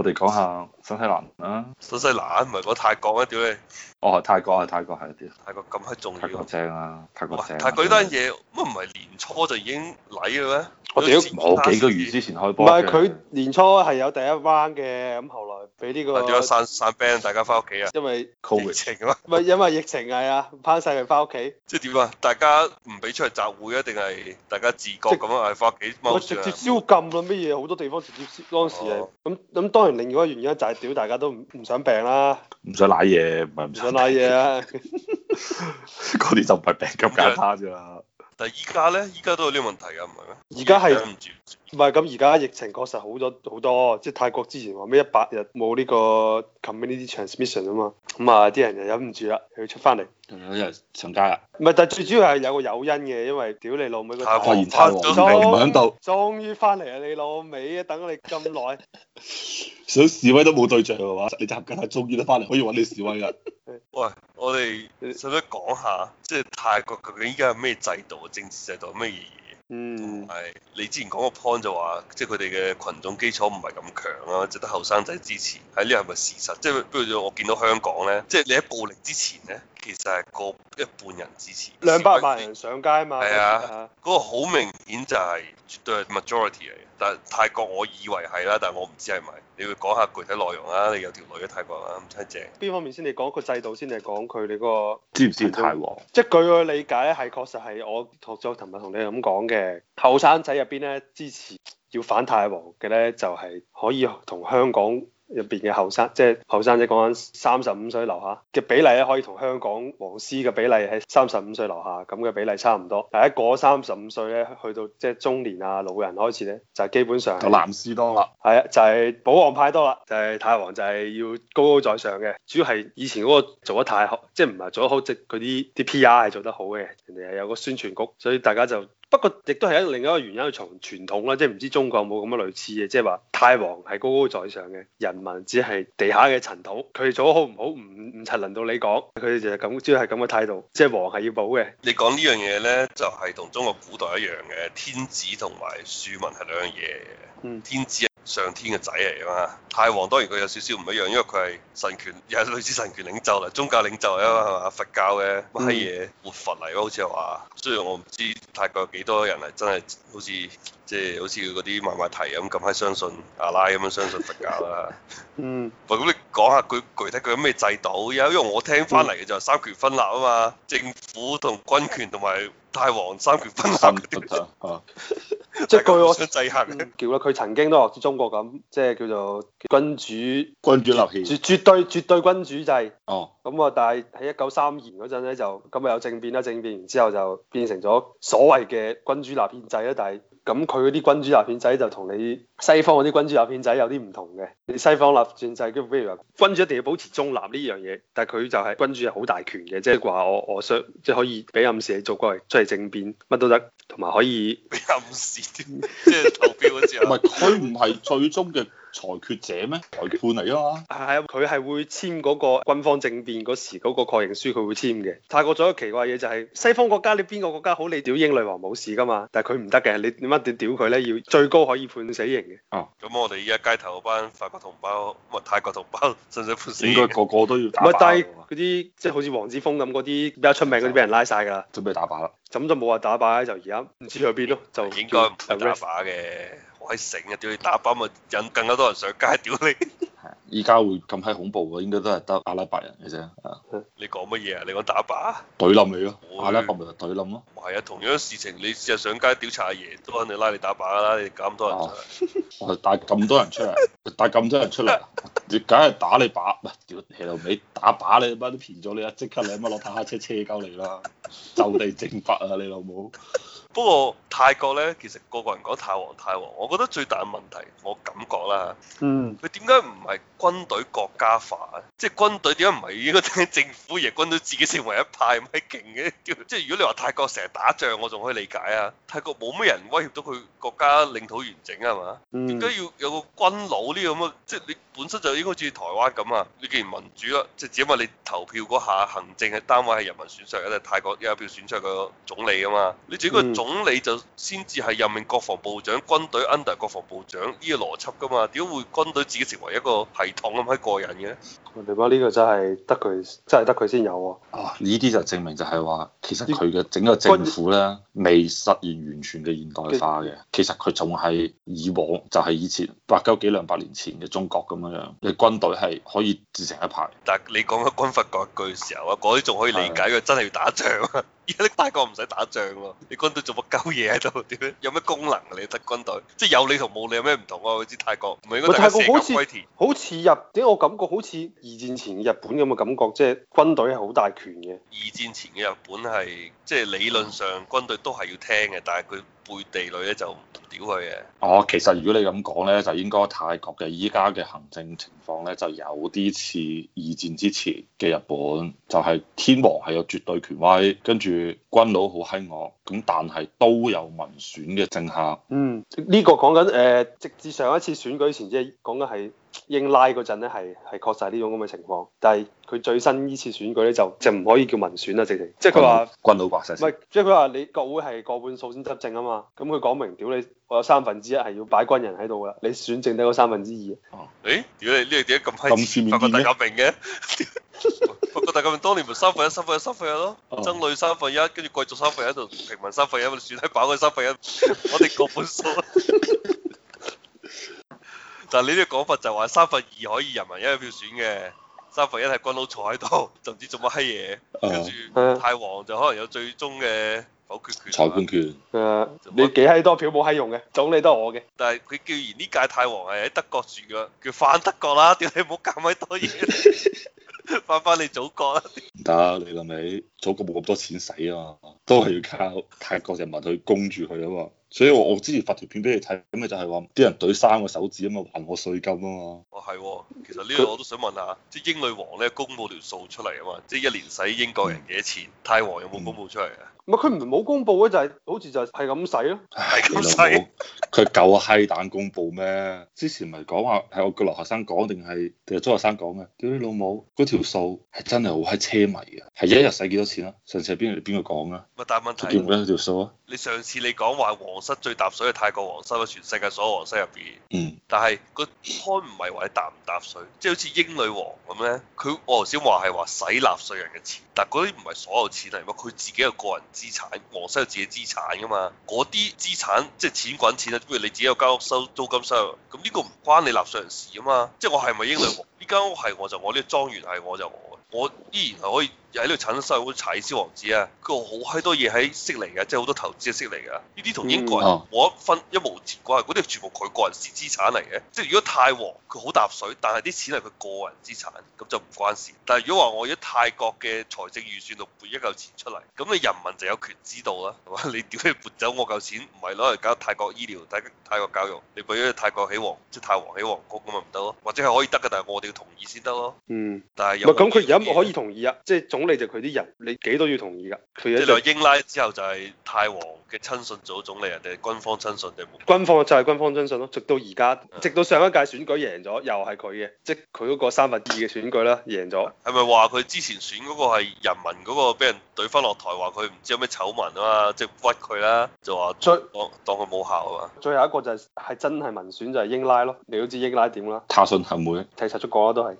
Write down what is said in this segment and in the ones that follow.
我哋講下新西蘭啦，啊，新西蘭唔係講泰國咩？啊？屌你！哦，泰國係泰國係啲，泰國咁閪仲要。泰國正啊，泰國正啊。但係呢單嘢乜唔係年初就已經嚟嘅咩？我哋屌冇幾個月之前開波。唔係佢年初係有第一班嘅，咁後俾啲嗰個散散 band，大家翻屋企啊，因為疫情啊，咪因為疫情係啊，唔翻晒人翻屋企。即係點啊？大家唔俾出嚟集會啊？定係大家自覺咁啊？係翻屋企幾長。我直接宵禁啦，乜嘢？好多地方直接宵禁，當時啊，咁咁。當然，另外一個原因就係屌大家都唔唔想病啦，唔想瀨嘢，唔係唔想瀨嘢啊。嗰啲就唔係病咁簡單啫。但係依家咧，依家都有呢個問題㗎，唔係咩？而家係。唔係咁而家疫情確實好咗好多，即係泰國之前話咩一百日冇呢個 community transmission 啊嘛，咁啊啲人又忍唔住啦，佢出翻嚟，又又上街啦。唔係，但係最主要係有個誘因嘅，因為屌你老味個發現泰王啦，唔喺度。終於翻嚟啊！你老味，啊，等你咁耐， 想示威都冇對象嘅嘛？你集結下，終於都翻嚟，可以揾你示威啦。 喂，我哋使唔使講下說說說，即、就、係、是、泰國究竟依家係咩制度政治制度咩嘢？嗯，係，你之前講個 point 就話，即係佢哋嘅群眾基礎唔係咁強啦，只得後生仔支持，喺呢係咪事實？即係不如我見到香港咧，即係你喺暴力之前咧，其實係過一半人支持，兩百萬人上街嘛，示威，係啊，個好明顯就係絕對係 majority 嚟嘅。但泰國我以為係啦，但係我唔知係咪，你要講下具體內容啊！你有條女喺泰國啊，唔，真正邊方面先？你講個制度先定係講佢你個？知唔知泰王？即係據我理解係確實係我學咗，琴日同你咁講嘅後生仔入邊咧，支持要反泰王嘅咧，就係、是、可以同香港。入邊嘅後生，即係後生仔，講緊三十五歲樓下嘅比例咧，可以同香港黃絲嘅比例喺三十五歲樓下咁嘅比例差唔多。但係一過三十五歲咧，去到即係中年啊、老人開始咧，就是、基本上就藍絲多啦。係啊，就係、是、保皇派多啦，就係泰王就係要高高在上嘅。主要係以前嗰個做得太好，即係唔係做得好，即係嗰啲啲 PR 係做得好嘅，人哋係有個宣傳局，所以大家就。不過，亦都係一另一個原因，從傳統啦，即係唔知中國有冇咁樣類似嘅，即係話泰王係高高在上嘅，人民只係地下嘅塵土，佢做得好唔好，唔唔係輪到你講，佢哋就係咁，主要係咁嘅態度，即係王係要保嘅。你講呢樣嘢呢，就係、是、同中國古代一樣嘅天子同埋庶民係兩樣嘢，天子。天子上天嘅仔嚟啊嘛，泰王當然佢有少少唔一樣，因為佢係神權，又係類似神權領袖啦，宗教領袖嚟啊嘛係嘛，佛教嘅乜閪嘢活佛嚟咯，好似話，雖然我唔知泰國有幾多人係真係好似即係好似嗰啲買買提咁咁閪相信阿拉咁樣相信佛教啦。嗯。喂， 咁你講下佢具體佢有咩制度？而家因為我聽翻嚟嘅就係三權分立啊嘛，政府同軍權同埋。大王三權分立嗰啲，即係據我制衡叫啦。佢、嗯、曾經都學似中國咁，即、就、係、是、叫做君主君主立憲，絕絕對絕對君主制。哦，咁啊，但係喺一九三二年嗰陣咧，就咁啊有政變啦，政變然之後就變成咗所謂嘅君主立憲制啦，但係。咁佢嗰啲君主立憲制就同你西方嗰啲君主立憲制有啲唔同嘅。你西方立憲制，咁譬如話君主一定要保持中立呢樣嘢，但係佢就係君主係好大權嘅，即係話我我想即係可以俾暗示你做過嚟出嚟政變乜都得，同埋可以俾暗示即係投票之後。唔係，佢唔係最終嘅。裁決者咩？裁決判嚟啊嘛！係啊，佢係會簽嗰個軍方政變嗰時嗰個確認書，佢會簽嘅。泰國仲有個奇怪嘢就係，西方國家你邊個國家好，你屌英女王冇事噶嘛，但係佢唔得嘅，你你乜屌佢咧，要最高可以判死刑嘅。哦。咁我哋依家街頭班法國同胞，乜泰國同胞，應該個個都要打靶。唔係，但係嗰啲即係好似黃之鋒咁嗰啲比較出名嗰啲，俾人拉晒㗎啦。準備打靶啦。咁就冇話打靶，就而家唔知去邊咯。就應該唔會打靶嘅。罰我係成日屌你打靶咪引更加多人上街屌你！依家會咁閪恐怖嘅，應該都係得阿拉伯人嘅啫。你講乜嘢啊？你講打靶？懟冧你咯！阿拉伯咪就懟冧咯？係啊，同樣事情你試下上街屌查爺，都肯定你拉你打靶啦，你搞咁多人出嚟。我 但係咁多人出嚟，但咁多人出嚟，你梗係打你靶，屌你老尾，打靶你乜都騙咗你啊！即刻你乜落坦克車車鳩你啦，就地正法啊你老母！不過泰國咧，其實個個人講泰皇泰王，我覺得最大嘅問題，我感覺啦嗯，佢點解唔係軍隊國家化啊？即係軍隊點解唔係依個政府而軍隊自己成為一派咁係勁嘅？即係如果你話泰國成日打仗，我仲可以理解啊。泰國冇咩人威脅到佢國家領土完整啊嘛？點解要有個軍佬呢？咁嘅？即係你。本身就應該好似台灣咁啊！你既然民主啊，即係只因為你投票嗰下，行政嘅單位係人民選上嘅咧，泰國有票選上嘅總理㗎嘛？你只個總理就先至係任命國防部長、軍隊 under 國防部長呢個邏輯㗎嘛？點會軍隊自己成為一個系統咁喺個人嘅？我明白呢個真係得佢，真係得佢先有啊！呢啲就證明就係話，其實佢嘅整個政府咧，未實現完全嘅現代化嘅。其實佢仲係以往就係以前百幾兩百年前嘅中國咁樣。你軍隊係可以自成一派，但係你講緊軍閥割據嘅時候啊，嗰啲仲可以理解嘅，真係要打仗啊！是的 而家啲泰國唔使打仗喎，你軍隊做乜鳩嘢喺度？點咧？有咩功能啊？你得軍隊，即係有你同冇你有咩唔同啊？好似泰國，唔係泰國好似，好似入，點解，我感覺好似二戰前日本咁嘅感覺，即係軍隊係好大權嘅。二戰前嘅日本係即係理論上軍隊都係要聽嘅，但係佢背地裏咧就唔屌佢嘅。哦，其實如果你咁講咧，就應該泰國嘅依家嘅行政情況咧，就有啲似二戰之前嘅日本，就係天皇係有絕對權威，跟住，軍佬好閪惡，咁但係都有民選嘅政客。嗯，呢、這個講緊誒，直至上一次選舉前，即係講緊係英拉嗰陣咧，係係確實呢種咁嘅情況。但係佢最新呢次選舉咧，就就唔可以叫民選啦，直情。即係佢話軍佬白晒。唔係，即係佢話你國會係過半數先執政啊嘛。咁佢講明，屌你，我有三分之一係要擺軍人喺度噶，你選剩低嗰三分之二。哦、啊，誒，如果你呢個點解咁閪明嘅？不過大家咁，當年咪三分一、三、uh. 分一、三分一咯，僧侶三分一，跟住貴族三分一，就平民三分一，咪算喺飽佢三分一。我哋各分數。但係呢啲講法就話三分二可以人民一票選嘅，三分一係軍佬坐喺度，就唔知做乜閪嘢。Uh. 跟住泰皇就可能有最終嘅否決權。Uh. 裁判權。啊！Uh, 你幾閪多票冇閪用嘅，總理都係我嘅。但係佢既然呢屆泰皇係喺德國住嘅，佢反德國啦，屌你唔好咁閪多嘢。 翻 翻你祖國啦，唔得，你諗起祖國冇咁多錢使啊嘛，都係要靠泰國人民去供住佢啊嘛。所以我我之前發條片俾你睇，咁就係話啲人舉三個手指啊嘛，還我稅金啊嘛。哦，係、哦，其實呢個他我都想問下，即係英女王咧公佈條數出嚟啊嘛，即係一年使英國人幾多錢？泰皇有冇公佈出嚟、嗯就是、啊？唔係佢唔冇公佈咧，就係好似就係係咁使咯。係咁使。佢夠閪膽公佈咩？之前咪講話係我個留學生講定係定係中學生講嘅？屌你老母嗰條數係真係好閪奢靡嘅，係一日使幾多錢啊？上次係邊邊個講啊？咪但係問題。叫咩條數啊？你上次你講話皇室最搭水嘅泰國皇室喺全世界所有皇室入面，但係佢開唔係話你搭唔搭水，即係好似英女王咁咧，佢我頭先話係話使納稅人嘅錢，但係嗰啲唔係所有錢嚟，佢自己有個人資產，皇室有自己資產噶嘛，嗰啲資產即係錢滾錢啊，不如你自己有間屋收租金收入，咁呢個唔關你納稅人事啊嘛，即係我係咪英女王？呢間 屋係我就我，呢、這個、莊園係我就我。我依然係可以喺呢度產生收入，查爾斯王子啊！佢好閪多嘢喺息嚟嘅，即係好多投資嘅息嚟嘅。呢啲同英國冇一分一毛錢關係，嗰啲全部佢個人資產嚟嘅。即係如果泰皇佢好揼水，但係啲錢係佢個人資產，咁就唔關事。但係如果話我喺泰國嘅財政預算度撥一嚿錢出嚟，咁你人民就有權知道啦，係嘛？你點樣撥走我嚿錢？唔係攞嚟搞泰國醫療、泰國教育，你俾咗泰國起王，即係泰皇起王宮咁咪唔得咯？或者係可以得嘅，但係我哋要同意先得咯。有有嗯。但係咁佢咁、嗯、我可以同意啊，即係總理就佢啲人，你幾多要同意㗎？即係、就是、英拉之後就係泰王嘅親信組總理，人哋軍方親信定冇？軍方就係軍方親信咯，直到而家，直到上一屆選舉贏咗，又係佢嘅，即係佢嗰個三分二嘅選舉啦，贏咗。係咪話佢之前選嗰個係人民嗰個，俾人懟翻落台，話佢唔知有咩醜聞啊嘛，即係屈佢啦，就話、是、以當當佢冇效啊嘛。最後一個就係、是、係真係民選就係、是、英拉咯，你都知英拉點啦，查信行會睇得出講啦，都係。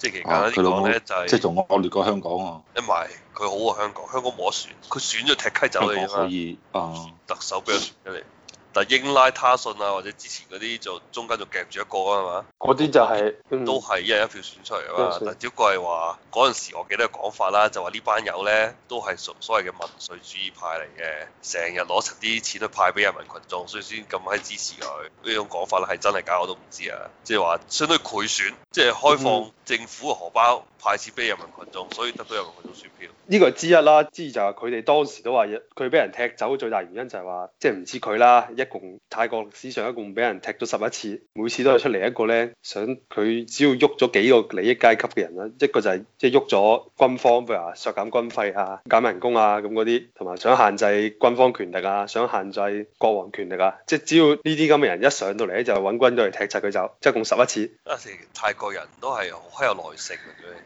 即係期間咧，呢個咧就係即係仲惡劣過香港啊！一係佢好過、啊、香港，香港冇得選，佢選咗踢溪走啦。香港可以啊，特首比較強啲。但英拉他信啊，或者之前嗰啲就中間就夾住一個啊嘛，嗰啲就係、是嗯、都係一人一票選出嚟啊嘛。嗯嗯、但只係話嗰陣時我記得嘅講法啦，就話呢班友咧都係屬所謂嘅民粹主義派嚟嘅，成日攞晒啲錢去派俾人民群眾，所以先咁可支持佢。呢種講法咧係真係假的我都唔知啊。即係話相當於賄選，即、就、係、是、開放政府嘅荷包派錢俾人民群眾，所以得到人民群眾選票。呢個係之一啦，之二就係佢哋當時都話，佢俾人踢走最大原因就係話，即係唔知佢啦。一共泰國歷史上一共俾人踢咗十一次，每次都係出嚟一個咧想佢只要喐咗幾個利益階級嘅人啦，一個就係即係喐咗軍方譬如話削減軍費啊、減人工啊咁嗰啲，同埋想限制軍方權力啊、想限制國王權力啊，即係只要呢啲咁嘅人一上到嚟咧，就揾軍隊嚟踢曬佢走，即共十一次。啊，成泰國人都係好有耐性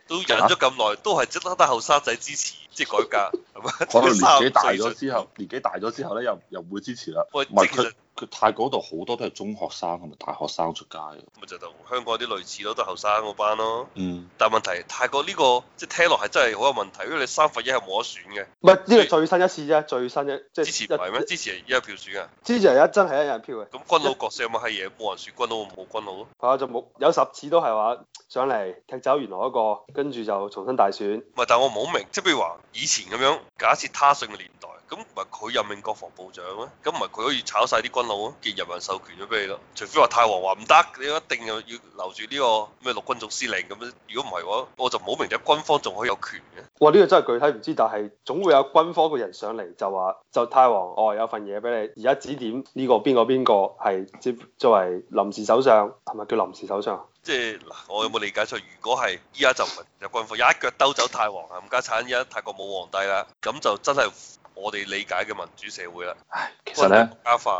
都忍咗咁耐，都係得得後生仔支持。即係改革，可能 年紀大咗之後，年紀大咗之後咧，又又唔會支持啦。唔係佢。佢泰國度好多都係中學生同埋大學生出街嘅，咪就同香港啲類似咯，都係後生嗰班咯。嗯。但問題泰國呢、呢個即係聽落係真係好有問題，因為你三分一係冇得選嘅。唔係呢個最新一次啫，最新一即係、就係、支持唔係咩？支持人一人票選嘅、啊。支持一真係一人票嘅。咁軍佬角色有冇係嘢？冇人選，一人選軍佬，冇軍佬咯。係啊，就冇有十次都係話上嚟踢走原來一個，跟住就重新大選。唔係，但我唔好明，即係譬如話以前咁樣，假設他，他信嘅年代。咁唔係佢任命國防部長咩、啊？咁唔係佢可以炒晒啲軍佬啊？見人民授權咗俾你咯、啊。除非話泰王話唔得，你一定要留住呢個咩陸軍總司令咁樣。如果唔係喎，我就冇好明咗軍方仲可以有權嘅。哇！呢、呢個真係具體唔知，但係總會有軍方嘅人上嚟就話，就泰王，哦有份嘢俾你，而家指點呢個邊個邊個係接作為臨時首相，係咪叫臨時首相？即係嗱，我有冇理解錯？如果係依家就唔係有軍方，一腳兜走泰王。啊！冚家鏟依家泰國冇皇帝啦，咁就真係。我哋理解嘅民主社會啦，唉，其實咧，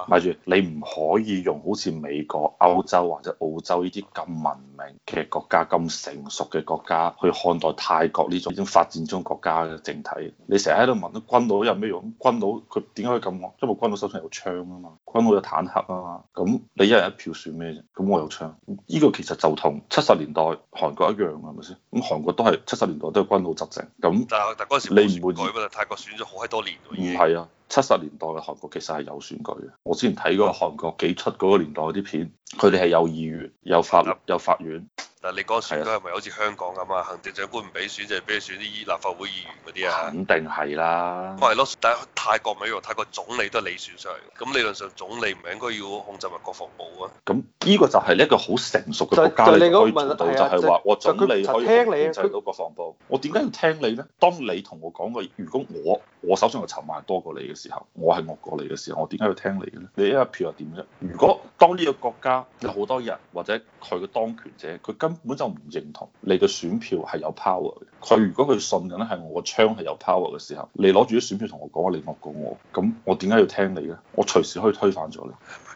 咪住你唔可以用好似美國、歐洲或者澳洲呢啲咁文明、嘅國家咁成熟嘅國家去看待泰國呢種已經發展中國家嘅政體。你成日喺度問，咁軍佬有咩用？軍佬佢點解會咁惡？因為軍佬手上有槍啊嘛，軍佬有坦克啊嘛。咁你一人一票算咩啫？咁我有槍，呢個其實就同七十年代韓國一樣啊，係咪先？咁韓國都係七十年代都係軍佬執政，咁但係但係嗰時你唔會改，泰國選咗好閪多年。唔係啊，七十年代嘅韓國其實係有選舉嘅。我之前睇過韓國幾出嗰個年代啲片，佢哋係有議員、有法律、吧有法院。但你嗰時都係咪好似香港咁啊？行政長官唔俾選，就係俾你選啲立法會議員嗰啲啊？肯定係啦。咪係咯，但係泰國咪一泰國總理都係你選上嚟嘅。咁理論上總理唔係應該要控制埋國防部啊。咁呢個就係一個好成熟嘅國家嚟，就是、你你可以做到就係話我總理可以控制到國防部。他我點解要聽你咧？當你同我講過，如果我我手上嘅籌碼多過你嘅時候，我係惡過你嘅時候，我點解要聽你嘅咧？你呢一票又點啫？如果當呢個國家有好多人或者佢嘅當權者，佢根本就唔認同你嘅選票係有 power 嘅。佢如果佢信緊咧係我個槍係有 power 嘅時候，你攞住啲選票同我講話你惡過我，咁我點解要聽你咧？我隨時可以推翻咗你。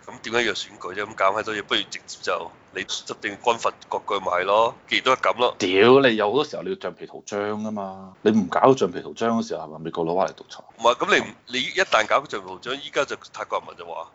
咁點解要選舉啫？咁搞開都要，不如直接就。你執定軍閥割據咪咯，既然都係咁咯。屌，你有好多時候你要橡皮圖章噶嘛，你唔搞個橡皮圖章嘅時候係咪美國佬翻嚟獨裁？唔係，咁你你一旦搞個橡皮圖章，依家就泰國人民就話：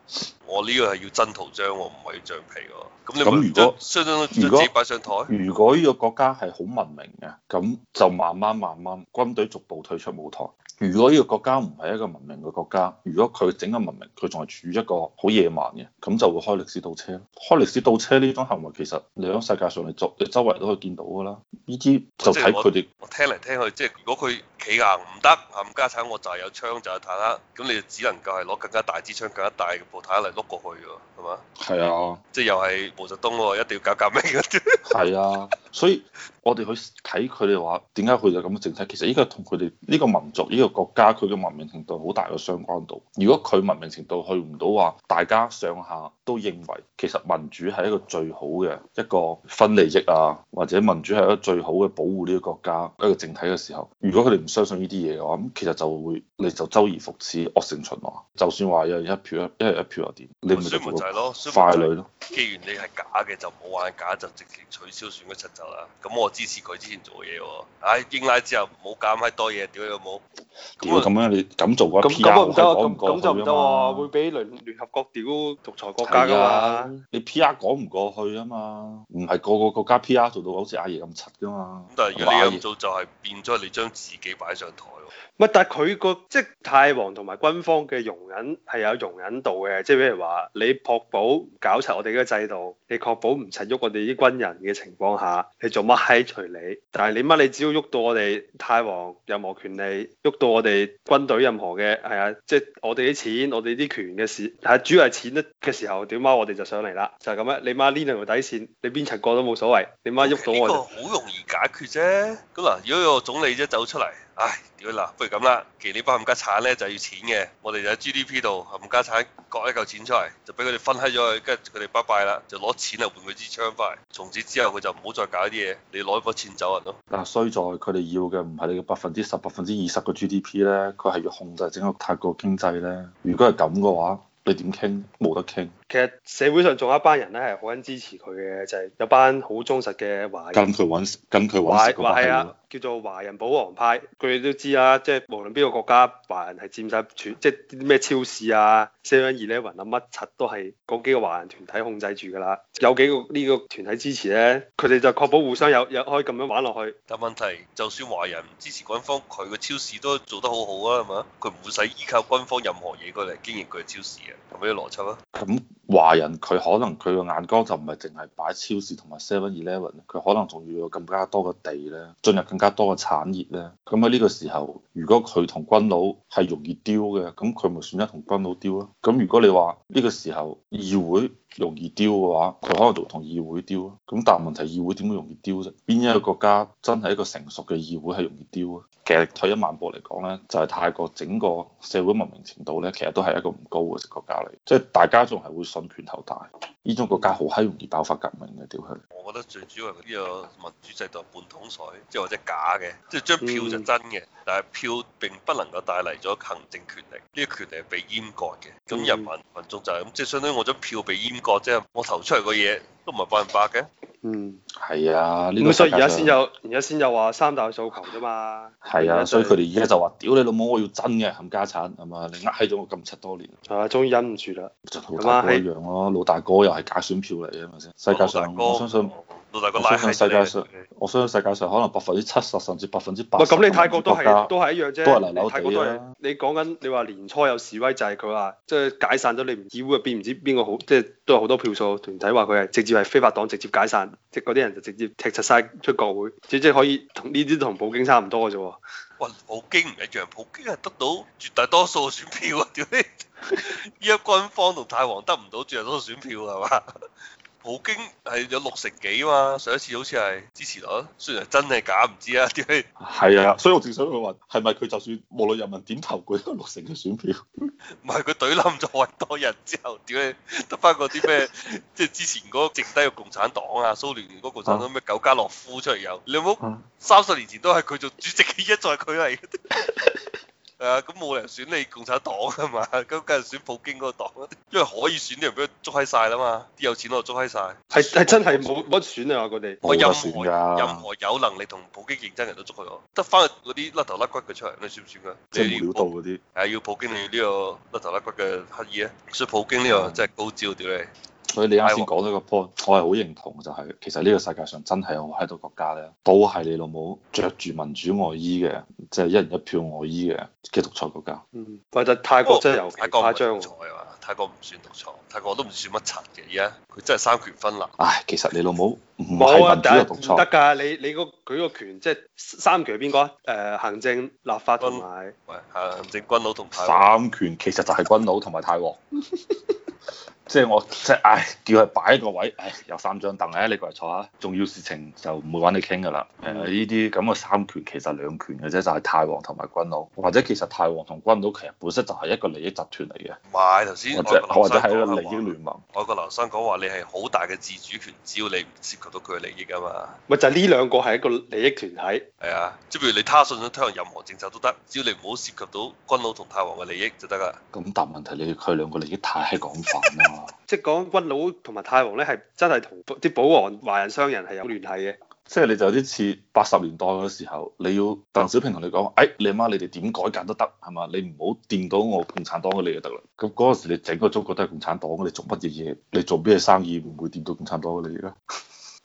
我呢個係要真圖章，哦哦，唔係要橡皮。咁你咪將相當將自己擺上台。如果呢個國家係好文明嘅，咁就慢慢慢慢，軍隊逐步退出舞台。如果呢個國家唔係一個文明嘅國家，如果佢整個文明，佢仲係處於一個好野蠻嘅，咁就會開歷史倒車咯。開歷史倒車呢種行為其實你喺世界上嚟做，你周圍都可以見到㗎啦。呢啲就睇佢哋。我聽嚟聽去，即係如果佢企硬唔得，冚家鏟我就係有槍就係坦克，咁你就只能夠係攞更加大支槍、更加大部坦克嚟碌過去喎，係嘛？係啊，即係又係毛澤東喎，一定要搞革命嗰啲。係 啊。所以我哋去睇佢哋話點解會有咁嘅政體，其實呢個同佢哋呢個民族、呢個國家佢嘅文明程度好大嘅相關度。如果佢文明程度去唔到話，大家上下都認為其實民主係一個最好嘅一個分利益啊，或者民主係一個最好嘅保護呢個國家一個政體嘅時候，如果佢哋唔相信呢啲嘢嘅話，咁其實就會你就周而復始惡性循環。就算話有一,一票一，一票又點？所以咪就係咯，所以快女咯。既然你係假嘅，就冇話係假，就直接取消選舉。咁我支持佢之前做嘢喎、啊。唉，英拉之後唔好減咁多嘢屌又冇。屌咁樣你咁做個 P R 講唔過，咁就唔得喎，會俾聯聯合國屌獨裁國家噶嘛、啊？你 P R 講唔過去啊嘛？唔係個個國家 P R 做到好似阿爺咁柒噶嘛？但係如果你咁做就係變咗你將自己擺上台喎、啊。唔係、那個，但係佢個即係泰王同埋軍方嘅容忍係有容忍度嘅，即係譬如話你確保唔搞柒我哋嘅制度，你確保唔柒喐我哋啲軍人嘅情況下。你做乜閪除你，但係你媽你只要喐到我哋泰王任何權利，喐到我哋軍隊任何嘅係啊，即係、就是、我哋啲錢，我哋啲權嘅事，係主要係錢咧嘅時候，點媽我哋就上嚟啦，就係、是、咁樣，你媽呢兩條底線，你邊層過都冇所謂，你媽喐到我就，好、okay，容易解決啫，咁嗱，如果有個總理一走出嚟。唉，屌嗱，不如咁啦，既然你包冚家產咧就係要錢嘅，我哋就喺 GDP 度，冚家產割一嚿錢出嚟，就俾佢哋分開咗佢，跟住佢哋拜拜啦，就攞錢嚟換佢支槍翻嚟，從此之後佢就唔好再搞啲嘢，你攞一個錢走人咯。嗱，衰在佢哋要嘅唔係你嘅百分之十、百分之二十嘅 GDP 咧，佢係要控制整個泰國經濟咧。如果係咁嘅話，你點傾？冇得傾。其實社會上仲有一班人咧係好肯支持佢嘅，就係、是、有班好忠實嘅華人，跟佢揾，跟佢揾食嘅華人，華的叫做華人保皇派。佢哋都知啦，即、就、係、是、無論邊個國家，華人係佔晒，即係啲咩超市啊、7-11啊乜柒都係嗰幾個華人團體控制住㗎啦。有幾個呢個團體支持咧，佢哋就確保互相有有，有可以咁樣玩落去。但問題就算華人支持軍方，佢個超市都做得好好啊，係嘛？佢唔會使依靠軍方任何嘢過嚟經營佢嘅超市啊，咁咩邏輯啊？咁、嗯華人佢可能佢個眼光就唔係淨係擺超市同埋 Seven Eleven，佢可能仲要有更加多嘅地咧，進入更加多嘅產業咧。咁喺呢個時候，如果佢同軍佬係容易丟嘅，咁佢咪選擇同軍佬丟啊。咁如果你話呢個時候議會。容易丟嘅話，佢可能就同議會丟。咁但係問題，議會點會容易丟啫？邊一個國家真係一個成熟嘅議會係容易丟？其實退一萬步嚟講呢就係、是、泰國整個社會文明程度呢，其實都係一個唔高嘅國家嚟。即係大家仲係會信拳頭大。呢種國家好容易爆發革命嘅，屌佢！我覺得最主要係呢個民主制度半桶水，即係或者假嘅，即係張票就真嘅，嗯、但係票並不能夠帶嚟咗行政權力，呢個權力係被閹割嘅，咁人民民眾就係咁，即係相當於我張票被閹割，即係我投出嚟個嘢。都唔係百分百嘅，嗯，係啊，咁所以而家先有，而家先有話三大訴求啫嘛。係啊，所以佢哋而家、啊、對就話：對「屌你老母，我要真嘅冚家鏟，係嘛？你呃閪咗我咁柒多年，係啊，終於忍唔住啦。咁樣咯、啊，是老大哥又係假選票嚟嘅，係咪先。世界上我相信。大蠟蠟，我相信世界上，我相信世界上可能百分之七十甚至百分之八十咁，你泰國都係都係一樣啫，都係泥土你講緊你話年初有示威就，就係佢話即係解散咗你唔議會，變唔知邊個好，即係都有好多票數團體話佢係直接係非法黨，直接解散，即嗰啲人就直接踢出曬出國會，即即係可以同呢啲同普京差唔多嘅啫。喂，普京唔一樣，普京係得到絕大多數選票啊！屌你，而家軍方同泰皇得唔到絕大多數選票係嘛？普京係有六成幾嘛？上一次好似係支持率，雖然係真係假唔知啊。點解係啊？所以我正想佢話，係咪佢就算無論人民點投佢都六成嘅選票？唔係佢隊冧咗好多人之後，點解得翻嗰啲咩？ 即係之前嗰剩低嘅共產黨啊，蘇聯嗰共產黨咩？ 久加諾夫出嚟有你有冇三十年前都係佢做主席嘅一再佢嚟。 係咁冇人選你共產黨係嘛？咁梗係選普京嗰個黨，因為可以選啲人俾佢捉喺晒啦嘛，啲有錢佬捉喺晒。係係真係冇乜選啊！佢哋冇乜選㗎，任何有能力同普京競爭人都捉佢落，得翻嗰啲甩頭甩骨嘅出嚟，你算唔算㗎？即係冇料到嗰啲。係、啊、要普京你呢個甩頭甩骨嘅黑衣啊！所以普京呢個真係高招屌你。嗯所以你啱先講到個 point，、哦、我係好認同、就是，就係其實呢個世界上真係有好多國家咧，都係你老母着住民主外衣嘅，即、就、係、是、一人一票外衣嘅，其、就、實、是、獨裁國家。嗯，但係、哦、泰國真係有太誇張喎、哦。泰國唔算獨裁，泰國都唔算乜陳嘅，啊。佢真係三權分立。唉、哎，其實你老母唔係民主又獨裁。得㗎、哦呃，你你嗰佢嗰權即係三權係邊個啊？誒、呃，行政、立法同埋。係、嗯、行政軍、軍佬同泰。三權其實就係軍佬同埋泰皇。 即係我即係唉，叫佢擺喺個位，唉有三張凳啊，你過嚟坐下。重要事情就唔會搵你傾噶啦。誒呢啲咁嘅三權其實兩權嘅啫，就係泰皇同埋軍佬，或者其實泰皇同軍佬其實本身就係一個利益集團嚟嘅。唔係頭先，或者或係一個利益聯盟。我個劉生講話，你係好大嘅自主權，只要你唔涉及到佢嘅利益啊嘛。咪就呢、是、兩個係一個利益團體。係啊，即係譬如你他信想推行任何政策都得，只要你唔好涉及到軍佬同泰皇嘅利益就得啦、啊。咁但問題你佢兩個利益太廣泛啦。 即係講軍佬同埋泰王咧，係真係同啲保皇華人商人係有聯繫嘅。即係你就有啲似八十年代嘅時候，你要鄧小平同你講：誒、哎，你阿媽，你哋點改革都得，係嘛？你唔好掂到我共產黨嘅利益就得啦。咁嗰陣時你整個中國都係共產黨，你做乜嘢嘢？你做咩生意會唔會掂到共產黨嘅利益咧？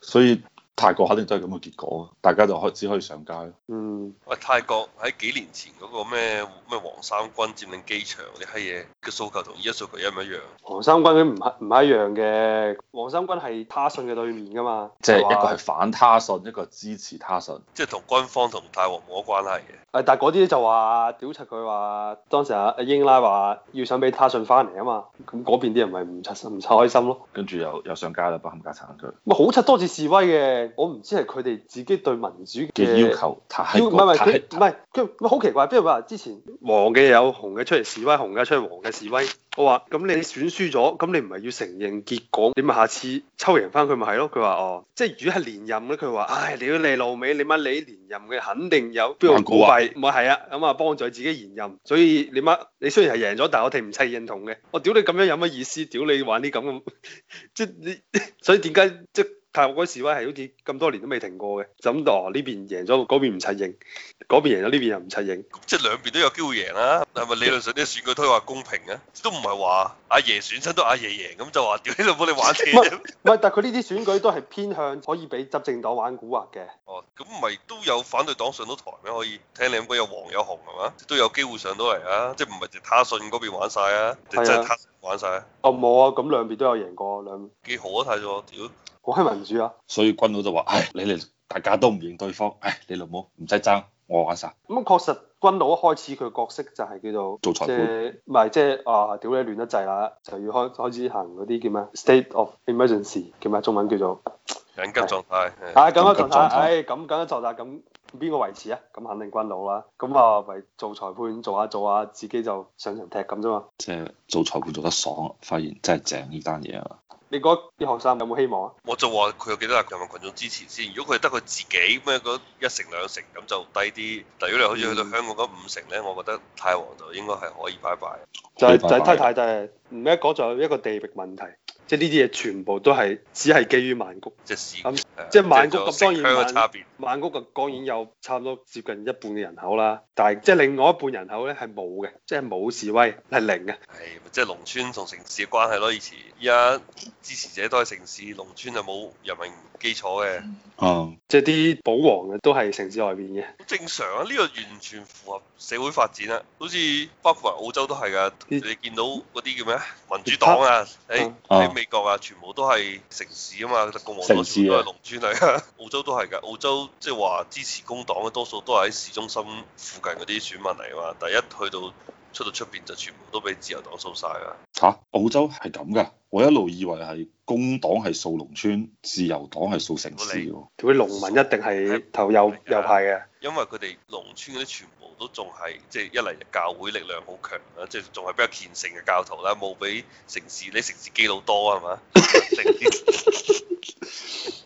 所以。泰國肯定都係咁嘅結果，大家就可只可以上街。嗯，喂，泰國喺幾年前嗰個咩咩黃衫軍佔領機場啲閪嘢嘅訴求同依家訴求一唔一樣？黃衫軍佢唔係唔係一樣嘅，黃衫軍係他信嘅對面㗎嘛。即係說一個係反他信，一個支持他信，即係同軍方同泰王冇關係嘅。誒，但係嗰啲就話屌柒佢話，當時阿、啊、阿英拉話要想俾他信翻嚟啊嘛，咁嗰邊啲人咪唔柒唔柒開心咯。跟住又又上街啦，不冚家鏟佢。咪好柒多次示威嘅。我唔知係佢哋自己對民主嘅要求，唔係唔係佢唔係佢，好奇怪。譬如話之前，黃嘅有紅嘅出嚟示威，紅嘅出嚟黃嘅示威。我話咁你選輸咗，咁你唔係要承認結果？點啊？下次抽贏翻佢咪係咯？佢話哦，即係如果係連任咧，佢話唉，你屌你老味，你乜你連任嘅肯定有邊個鼓勵？唔係係啊，咁啊幫助自己連任。所以你乜你，你雖然係贏咗，但係我哋唔砌認同嘅。我屌你咁樣有乜意思？屌你玩啲咁嘅，即係你所以點解即？泰國我覺得示威係好似咁多年都未停過嘅，就咁哦呢邊贏咗，嗰邊唔承認，嗰邊贏咗，呢邊又唔承認，邊即係兩邊都有機會贏啦，啊。係咪理論上啲選舉都話公平嘅？都唔係話阿爺選親都阿爺，爺贏，咁就話屌你老母你玩嘅。唔係，但係佢呢啲選舉都係偏向可以俾執政黨玩蠱惑嘅。哦，咁唔係都有反對黨上到台咩？可以聽你咁講有黃有紅係嘛？都有機會上到嚟啊！即係唔係就他信嗰邊玩晒啊？即係、啊、他信玩晒。啊？哦，冇啊，咁兩邊都有贏過兩邊。幾好睇、啊、咗，屌好閪民主啊！所以軍佬就話，唉，你嚟，大家都唔認對方，唉，你老母唔使爭。我啱晒，咁啊確實，軍佬一開始佢嘅角色就係叫做做裁判，唔係即係啊，屌你亂得滯啦，就要開開始行嗰啲叫咩？State of Emergency，叫咩？中文叫做緊急狀態是、啊。緊急狀態，唉，咁緊急狀態咁邊個維持啊？咁肯定軍佬啦。咁啊為做裁判做下、啊、做下、啊啊，自己就上場踢咁啫嘛。即係做裁判做得爽，發現真係正呢單嘢啊！你覺得啲學生有冇希望啊？我就話佢有幾多問群羣眾支持先。如果佢係得佢自己咩、嗰、一成兩成咁就低啲。但如果你好似去到香港嗰五成咧，嗯、我覺得泰皇就應該係可以擺擺。就係、是、就係太太大、就是，唔一講就一個地域問題。即係呢啲嘢全部都係只係基於曼谷，即係曼谷咁當然差曼曼谷嘅當然有差唔多接近一半嘅人口啦。但係即係另外一半人口咧係冇嘅，即係冇示威係零嘅。係即係農村同城市嘅關係咯。以前依支持者都係城市，農村就冇人民基礎嘅。哦、嗯，即係啲保皇嘅都係城市外邊嘅。正常啊，呢、呢個完全符合社會發展啊。好似包括澳洲都係㗎，你見到嗰啲叫咩民主黨啊？喺喺美國啊，啊全部都係城、城市啊嘛，得共和黨多數都係農村嚟。澳洲都係㗎，澳洲即係話支持工黨嘅多數都係喺市中心附近嗰啲選民嚟㗎嘛。第一去到出到出邊就全部都俾自由黨掃晒㗎。嚇、啊！澳洲係咁噶，我一路以為係工黨係掃農村，自由黨係掃城市喎。啲農民一定係投右右派嘅，因為佢哋農村嗰啲全部都仲係即係一嚟教會力量好強啊，即係仲係比較虔誠嘅教徒啦，冇俾城市你城市基佬多係嘛？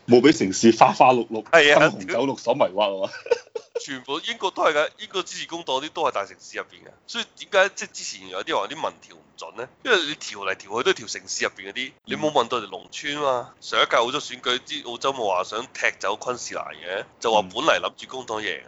冇俾城市花花綠綠、燈紅酒綠所迷惑、 啊啊嗯全部英國都係㗎，英國支持工黨啲都係大城市入邊嘅，所以點解即係之前有啲話啲民調唔準呢？因為你調嚟調去都係調城市入邊嘅啲，你冇問到人哋農村啊嘛。上一屆澳洲選舉，啲澳洲冇話想踢走昆士蘭嘅，就話本嚟諗住工黨贏。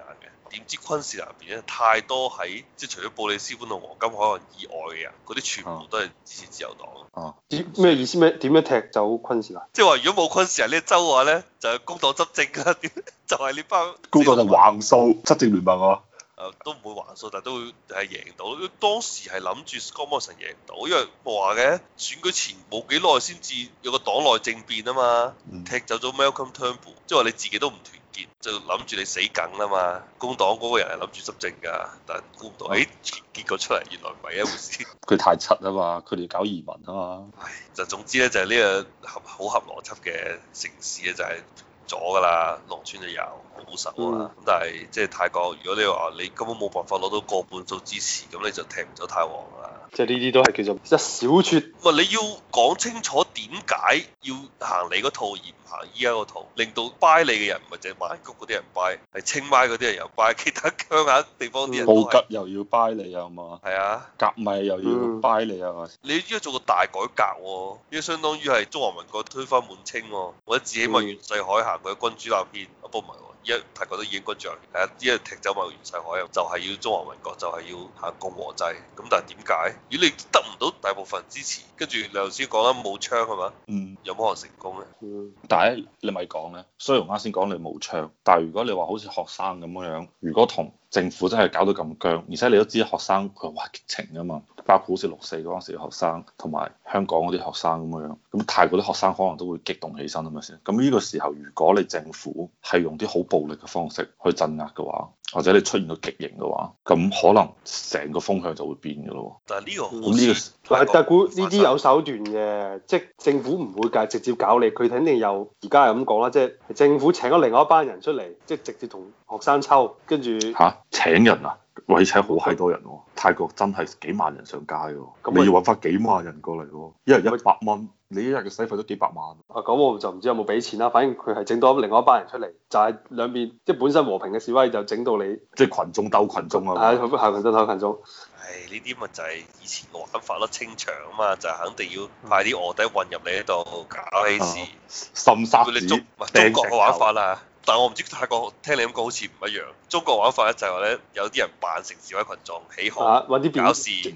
點知昆士蘭入邊咧太多喺即係除咗布里斯本同黃金海岸以外嘅人，嗰啲全部都係支持自由黨。哦、啊。點、啊、咩意思咩？點樣踢走昆士蘭？即係話如果冇昆士蘭呢一州嘅話咧，就係工黨執政㗎。點 就係呢班工黨就橫掃執政聯盟啊。啊都唔會橫掃，但都會係贏到。當時係諗住 Scott Morrison 贏到，因為話嘅選舉前冇幾耐先至有個黨內政變啊嘛。踢走咗 Malcolm Turnbull 即係話你自己都唔斷。就諗住你死梗啦嘛，工黨嗰個人係諗住執政噶，但估唔到誒、哎哎、結果出嚟原來唔係一回事，佢 太柒啊嘛，佢哋搞移民啊嘛，唉、哎，就總之咧就係呢個合好合邏輯嘅城市咧就係左噶啦，農村就有。保守啦、啊，咁但係即係泰國，如果你話你根本冇辦法攞到過半數支持，咁你就踢唔走泰王啊。即係呢啲都係叫做一小撮，唔，你要講清楚點解要行你嗰套而唔行依家個套，令到拜你嘅人，或者曼谷嗰啲人拜，係清邁嗰啲人又拜，其他鄉下地方啲人。布吉又要拜你啊嘛？係啊，夾埋、嗯、又要拜你啊嘛？你依家做個大改革喎、啊，依相當於係中華民國推翻滿清喎、啊，或者自己咪袁世凱行嗰啲君主立憲，一報一，大家都已經觀眾，係一踢走某袁世凱就係、是、要中華民國，就係、是、要行共和制。咁但係點解？如果你得唔到大部分支持，跟住你頭先講啦，冇槍係嘛？嗯。有冇可能成功咧、嗯嗯？但係你咪講咧，雖然我啱先講你冇槍，但係如果你話好似學生咁樣樣，如果同政府真係搞到咁僵，而且你都知學生佢話激情㗎嘛，包括好似六四嗰陣時學生，同埋香港嗰啲學生咁樣，咁泰國啲學生可能都會激動起身啊嘛先，咁呢個時候如果你政府係用啲好暴力嘅方式去鎮壓嘅話，或者你出現個極刑嘅話，咁可能成個風向就會變嘅咯。但係呢個咁呢個，嗯這個、但係但係估呢啲有手段嘅，即係政府唔會介直接搞你，佢肯定有。而家係咁講啦，即係政府請咗另外一班人出嚟，即係直接同學生抽，跟住嚇請人啊，哇！請好閪多人喎、啊，泰國真係幾萬人上街喎、啊，就是、你要揾翻幾萬人過嚟喎、啊，就是、一人一百蚊。你一日嘅使費都幾百萬啊，啊講我就唔知有冇俾錢啦，反正佢係整到另外一班人出嚟，就係、是、兩邊即係本身和平嘅示威就整到你，即係羣眾鬥群眾啊！係咁、哎，下羣眾打羣眾唉，呢啲咪就係以前嘅玩法咯，清場啊嘛，就係、肯定要快啲卧底混入你呢度搞起事，啊、甚至你中中國嘅玩法啦、啊。但係我唔知泰國聽你咁講好似唔一樣，中國玩法咧就係話咧有啲人扮成示威群眾起哄啲、啊、搞事，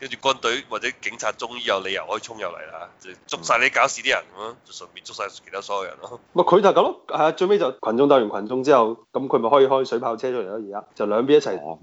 跟住軍隊或者警察終於有理由可以衝入嚟啦，就捉晒啲搞事啲人咁樣，就順便捉晒其他所有人咯。咪佢就係咁咯，係啊，嗯、最尾就群眾鬥完群眾之後，咁佢咪可以開水炮車出嚟咯。而家就兩邊一齊。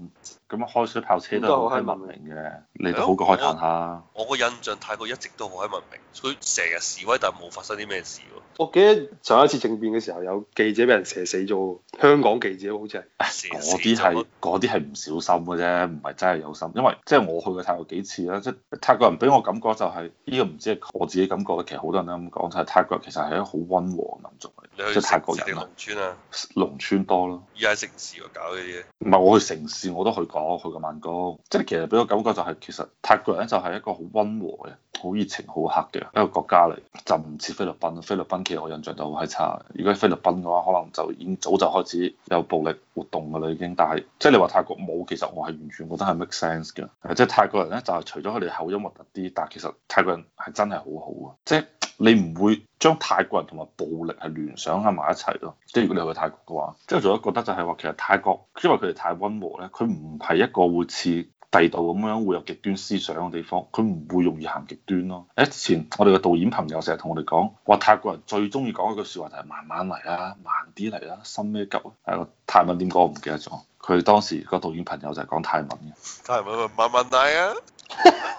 咁開水炮車都好喺文明嘅，明你得好過開坦克。我個印象泰國一直都好喺文明，佢成日示威，但係冇發生啲咩事喎。我記得上一次政變嘅時候，有記者俾人射死咗。香港記者好似係。嗰啲係啲係唔小心嘅啫，唔係真係有心。因為即係、就是、我去過泰國幾次啦，即係泰國人俾我感覺就係、是、呢、這個唔知係我自己感覺，其實好多人都咁講，就係、是、泰國人其實係一好溫和民族。你去泰國人，農村啊，農村多咯。而家喺城市喎搞呢啲。唔係我去城市我都去過。我去過曼谷，即係其實俾我感覺就係、是、其實泰國人就係一個好溫和嘅、好熱情、好黑嘅好客嘅一個國家嚟，就唔似菲律賓。菲律賓其實我印象就係差。如果菲律賓嘅話，可能就已經早就開始有暴力活動噶啦已經。但係即係你話泰國冇，其實我係完全覺得係 make sense 嘅。即係泰國人咧，就係、是、除咗佢哋口音核突啲，但係其實泰國人係真係好好嘅，即係。你唔會將泰國人同埋暴力係聯想喺埋一齊咯。即係如果你去泰國嘅話，即係仲有覺得就係話，其實泰國因為佢哋太溫和咧，佢唔係一個會似地道咁樣會有極端思想嘅地方，佢唔會容易行極端咯。誒，之前我哋嘅導演朋友成日同我哋講，話泰國人最中意講一句說話就係慢慢嚟啦、啊，慢啲嚟啦，心咩急啊？係個泰文點講，我唔記得咗。佢當時個導演朋友就係講泰文嘅，泰文慢慢嚟啊。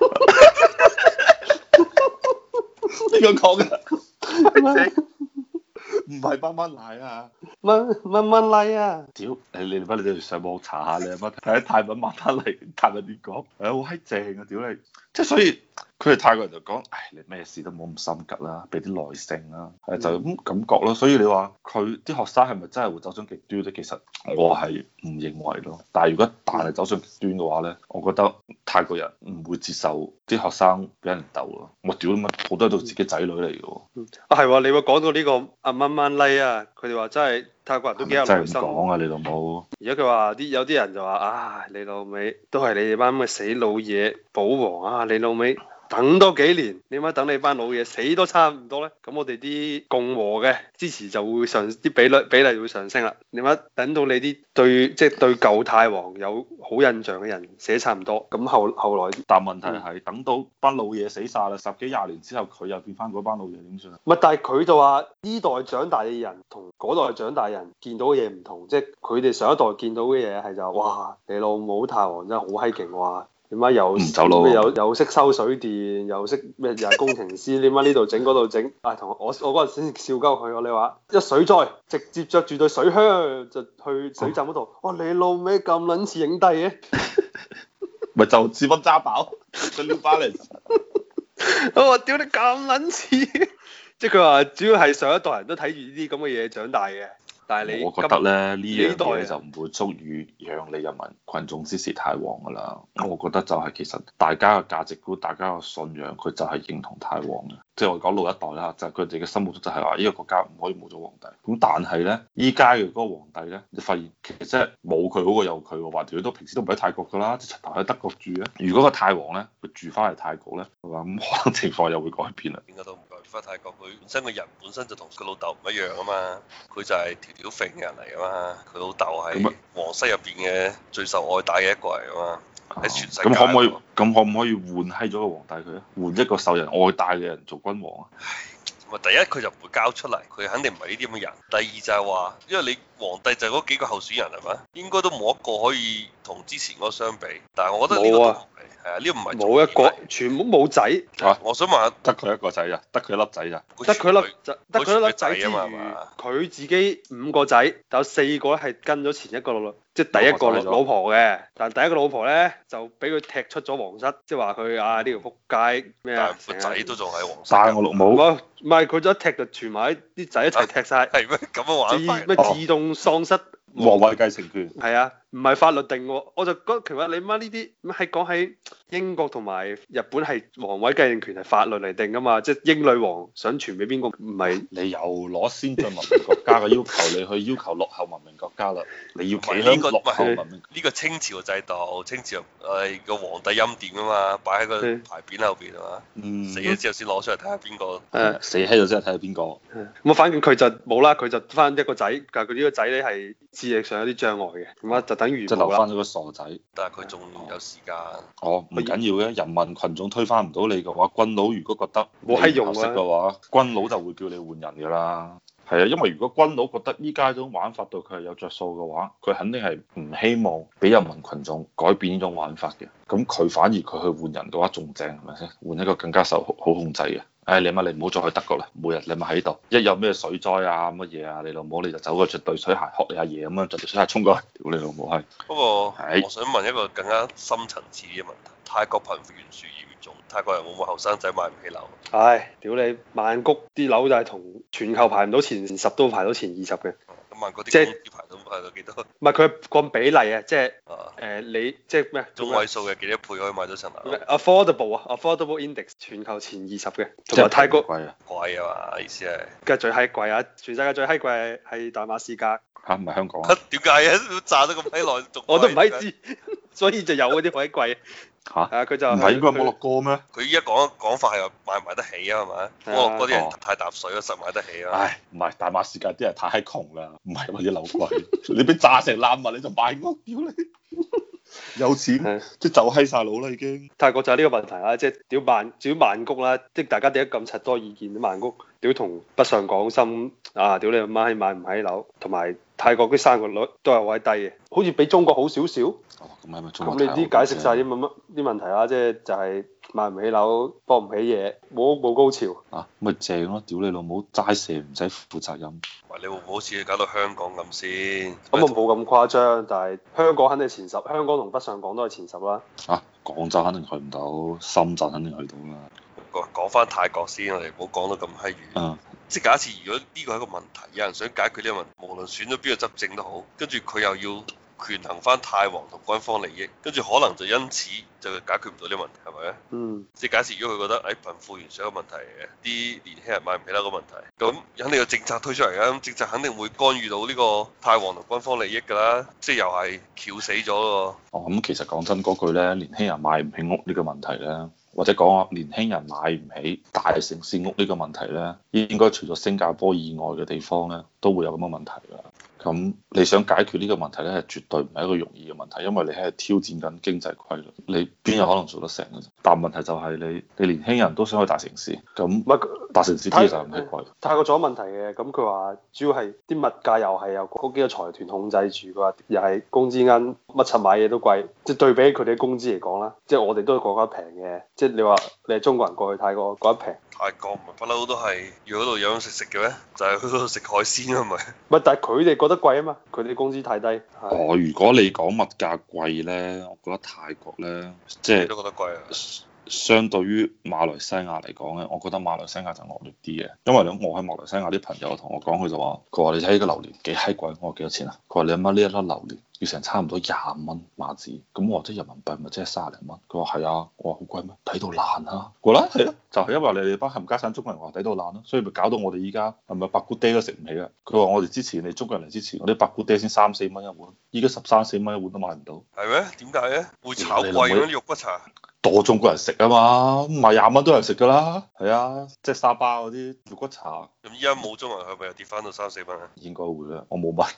呢樣講嘅，唔係百蚊奶啊，蚊蚊蚊嚟啊，屌 你你翻你哋上網查下你阿媽睇下泰文慢翻嚟，泰文點講？誒、哎，好閪正啊，屌你，即係所以。佢哋泰國人就講，唉，你咩事都冇咁心急啦，俾啲耐性啦，係、嗯、就咁感覺咯。所以你話佢啲學生係咪真係會走上極端咧？其實我係唔認為咯。但係如果一旦走上極端嘅話咧，我覺得泰國人唔會接受啲學生俾人鬥咯啊！我屌乜，好多都自己仔女嚟嘅喎。啊係喎，你話講到呢個阿蚊蚊叻啊，佢哋話真係泰國人都幾有耐心。真係唔講啊，你老母！而家佢話啲有啲人就話，唉，你老味都係你哋班咁嘅死老嘢保皇啊！你老味。等多幾年，你乜等你班老嘢死都差唔多呢？咁我哋啲共和嘅支持就會上啲比率比例會上升啦。你乜等到你啲對即係、就是、對舊泰王有好印象嘅人死差唔多，咁後後來，但問題係等到班老嘢死晒啦，十幾廿年之後佢又變翻嗰班老嘢，點算啊？但係佢就話呢代長大嘅人同嗰代長大人見到嘅嘢唔同，即係佢哋上一代見到嘅嘢係就哇你老母泰王真係好閪勁哇！點解又？唔走佬又又識修水電，又識咩又係工程師？點解呢度整嗰度整？啊同，哎，我我嗰陣先笑鳩佢，我你話一水災，直接着住對水靴就去水站嗰度。哇，哦！你老味咁撚似影帝嘅。咪， 哎，就屎忽揸飽，新 b a 嚟。 我話屌你咁撚似。 即係佢話主要係上一代人都睇住呢啲咁嘅嘢長大嘅。但我覺得咧呢樣嘢咧就唔會足以讓你人民群眾支持泰皇噶啦，咁我覺得就係其實大家嘅價值觀、大家嘅信仰佢就係認同泰皇嘅，即係我講老一代啦，就佢哋嘅心目中就係話呢個國家唔可以冇咗皇帝。咁但係咧，依家嘅嗰個皇帝咧，你發現其實即係冇佢好過有佢，話條友都平時都唔喺泰國噶啦，出頭喺德國住啊。如果個泰皇咧，佢住翻嚟泰國咧，咁可能情況又會改變啊。法泰國佢本身個人本身就同佢老豆唔一樣啊嘛，佢就係條條揈人嚟啊嘛，佢老豆係皇室入邊嘅最受愛戴嘅一個人啊，喺全世界。咁可唔可以？咁可唔可以換閪咗個皇帝佢啊？換一個受人愛戴嘅人做君王啊？ 第一佢就唔會交出嚟，佢肯定唔係呢啲咁嘅人。第二就係話，因為你皇帝就嗰幾個候選人係嘛，應該都冇一個可以同之前嗰個相比。但係我覺得呢個唔係啊，呢、呢個唔係冇一個，全部冇仔。嚇！啊、我想問下，得佢一個仔咋？得佢一粒仔咋？得佢一粒，得佢一粒仔之餘，佢自己五個仔，有四個咧係跟咗前一個落即係第一個老婆嘅，但係第一個老婆咧就俾佢踢出咗皇室，即係話佢啊呢條撲街咩啊？仔、個、都仲喺皇室，但我老母唔係，佢就一踢就全埋啲仔一齊踢晒。係咩咁啊話，咩自，自動喪失皇、哦、位繼承權？係啊。唔係法律定喎，我就覺得其實你媽呢啲係講喺英國同埋日本係王位繼承權係法律嚟定噶嘛，即、就、係、是、英女王想傳俾邊個？唔係你又攞先進文明國家嘅要求 你去要求落後文明國家啦，你要幾多落後文明？呢個是清朝嘅制度，清朝係個、哎、皇帝欽點啊嘛，擺喺個牌匾後邊啊嘛，死咗是、嗯、之後先攞出嚟睇下邊個死喺度之後睇下邊個。咁啊的，反正佢就冇啦，佢就翻一個仔，但係佢呢個仔咧係智力上有啲障礙嘅，咁啊就即係留翻咗個傻仔，但係佢仲有時間哦者。哦，唔緊要嘅，人民群眾推翻唔到你嘅話，軍佬如果覺得冇閪用嘅話，軍佬就會叫你換人嘅啦。係啊，因為如果軍佬覺得依家呢種玩法對佢係有着數嘅話，佢肯定係唔希望俾人民群眾改變呢種玩法嘅。咁佢反而佢去換人嘅話仲正係咪先？換一個更加受好控制嘅。哎，你乜你唔好再去德國啦，每日你咪喺度，一有咩水災啊乜嘢啊，你老母你就走過出對水鞋，學你阿、啊、爺咁樣著對水鞋衝過去，屌你老母閪！不過我，是我想問一個更加深層次嘅問題，泰國貧富懸殊越嚟越重，泰國人會唔會後生仔買唔起樓？唉，屌你曼谷啲樓就係同全球排唔到前十都排到前二十嘅。即係排到幾多？唔係佢個比例啊，呃、即係誒你即係咩？中位數嘅幾多倍可以買到層樓？Affordable 啊，Affordable Index 全球前二十嘅，同埋、就是、泰國貴啊，貴啊嘛意思係。係最閪貴啊！全世界最閪貴係係大馬士革嚇，唔係、啊、香港啊？點解啊？都炸咗咁閪耐， 我都唔閪知， 所以就有嗰啲閪貴。 嚇，係啊！佢就唔係應該冇落過咩？佢依家講講法係買唔買得起啊？係咪？不過啲人太揼水咯，實買得起啊！唉，唔係，大馬世界啲人太窮啦，唔係話啲樓貴，樓 你俾炸成爛物你就賣屋屌你，你！ 有錢 即係走閪晒佬啦已經。泰的國就係呢個問題啊，即係屌曼，屌曼谷啦，即係大家點解咁柒多意見？曼谷屌同北上廣深啊，屌你媽閪買唔買樓，同埋泰國啲生育率都係位低嘅，好似比中國好少少，少。咁咪咪咁你啲解釋晒啲乜乜啲問題啦，即係就係、是、買唔起樓，博唔起嘢，冇冇高潮嚇，咁咪、啊、正咯，屌你老母，齋射唔使負責任。喂，你會唔會好似搞到香港咁先？咁我冇咁誇張，但係香港肯定前十，香港同北上廣都係前十啦。嚇、啊，廣州肯定去唔到，深圳肯定去到啦。講講返泰國先，我哋唔好講得咁閪遠。嗯。即係假設，如果呢個係一個問題，有人想解決呢個問題，無論選咗邊個執政都好，跟住佢又要。權衡翻泰皇同軍方利益，跟住可能就因此就解決唔到啲問題，係咪啊？嗯。即假設如果佢覺得，哎、欸、貧富懸殊有問題嘅，啲年輕人買唔起樓嘅問題，咁肯定有政策推出嚟啊！咁政策肯定會干預到呢個泰皇同軍方利益㗎啦，即又係撬死咗囉。哦，咁、嗯、其實講真嗰句咧，年輕人買唔起屋呢個問題咧，或者講年輕人買唔起大城市屋呢個問題咧，應該除咗新加坡以外嘅地方咧，都會有咁嘅問題㗎。咁你想解決呢個問題咧，係絕對唔係一個容易嘅問題，因為你係挑戰緊經濟規律，你邊有可能做得成嘅？但問題就係你，你年輕人都想去大城市，咁乜大城市啲嘢就咁閪貴。泰國仲有問題嘅，咁佢話主要係啲物價又係由嗰幾個財團控制住，佢話又係工資奀乜柒，買嘢都貴，即係對比佢哋嘅工資嚟講啦，即係我哋都係國家平嘅，即係你話你係中國人過去泰國覺得平，泰國唔係不嬲都係如果度有樣食食嘅咩？就係去嗰度食海鮮係咪？唔但係佢哋覺得貴啊嘛，佢哋工資太低。哦，如果你講物價貴咧，我覺得泰國咧，即係都覺得貴啊。相對於馬來西亞嚟講咧，我覺得馬來西亞就惡劣啲嘅，因為咧，我喺馬來西亞啲朋友同我講，佢就話：佢話你睇呢個榴蓮幾閪貴，我話幾多錢啊？佢話你諗下呢一粒榴蓮要成差唔多廿蚊馬幣，咁我話即人民幣咪即係卅零蚊。佢話係啊，我話好貴咩？睇到爛啊！過啦？係啊，就係、是、因為你哋班冚家產中國人話睇到爛咯、啊，所以咪搞到我哋依家係咪白姑爹都食唔起啊？佢話我哋之前你中國人嚟之前，我啲白姑爹先三四蚊一碗，依家十三四蚊一碗都買唔到。係咩？點解嘅？會炒貴啲肉骨茶。多中國人食啊嘛，唔係廿蚊都有人食噶啦，係啊，即係沙巴嗰啲肉骨茶。咁依家冇中文，係咪又跌翻到三四蚊啊？應該會啦，我冇問。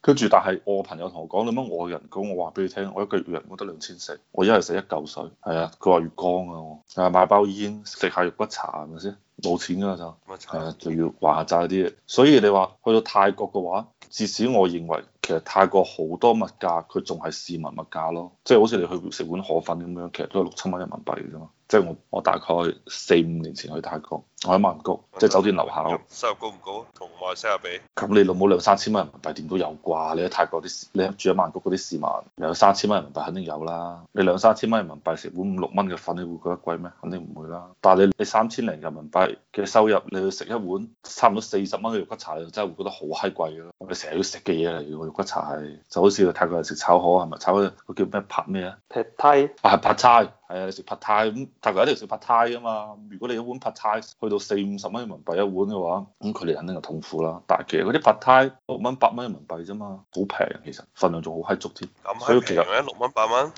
跟 住，但係我朋友同我講，你樣我人工，咁我話俾你聽，我一個月人工得兩千四，我一日食一嚿水，係啊，佢話月光啊，係啊，買包煙，食下肉骨茶係咪先？冇、啊、錢㗎就，係啊，仲要話齋啲嘢。所以你話去到泰國嘅話，至少我認為。泰國好多物價，佢仲係市民物價咯，即係好似你去食碗河粉咁樣，其實都係六七蚊人民幣啫嘛。即係我，我大概四五年前去泰國，我喺曼谷，即係酒店樓下收入高唔高？同外省人比。咁你老母兩三千蚊人民幣點都有啩？你喺泰國啲，你住喺曼谷嗰啲市民兩三千蚊人民幣，肯定有啦。你兩三千蚊人民幣食碗五六蚊嘅粉，你會覺得貴咩？肯定唔會啦。但係你你三千零人民幣嘅收入，你去食一碗差唔多四十蚊嘅肉骨茶，就真係會覺得好閪貴嘅咯。你成日要食嘅嘢嚟嘅肉骨茶係就好似泰國人食炒河係咪？炒嗰個叫咩？拍咩啊？劈梯。啊，係拍差。誒食扒胎咁，哎、泰國一定食扒胎噶嘛。如果你一碗扒胎去到四五十蚊人民幣一碗嘅話，咁佢哋肯定係痛苦啦。但係其實嗰啲扒胎六蚊八蚊人民幣啫嘛，好平其實，份量仲好閪足添。咁其實啊，六蚊八蚊。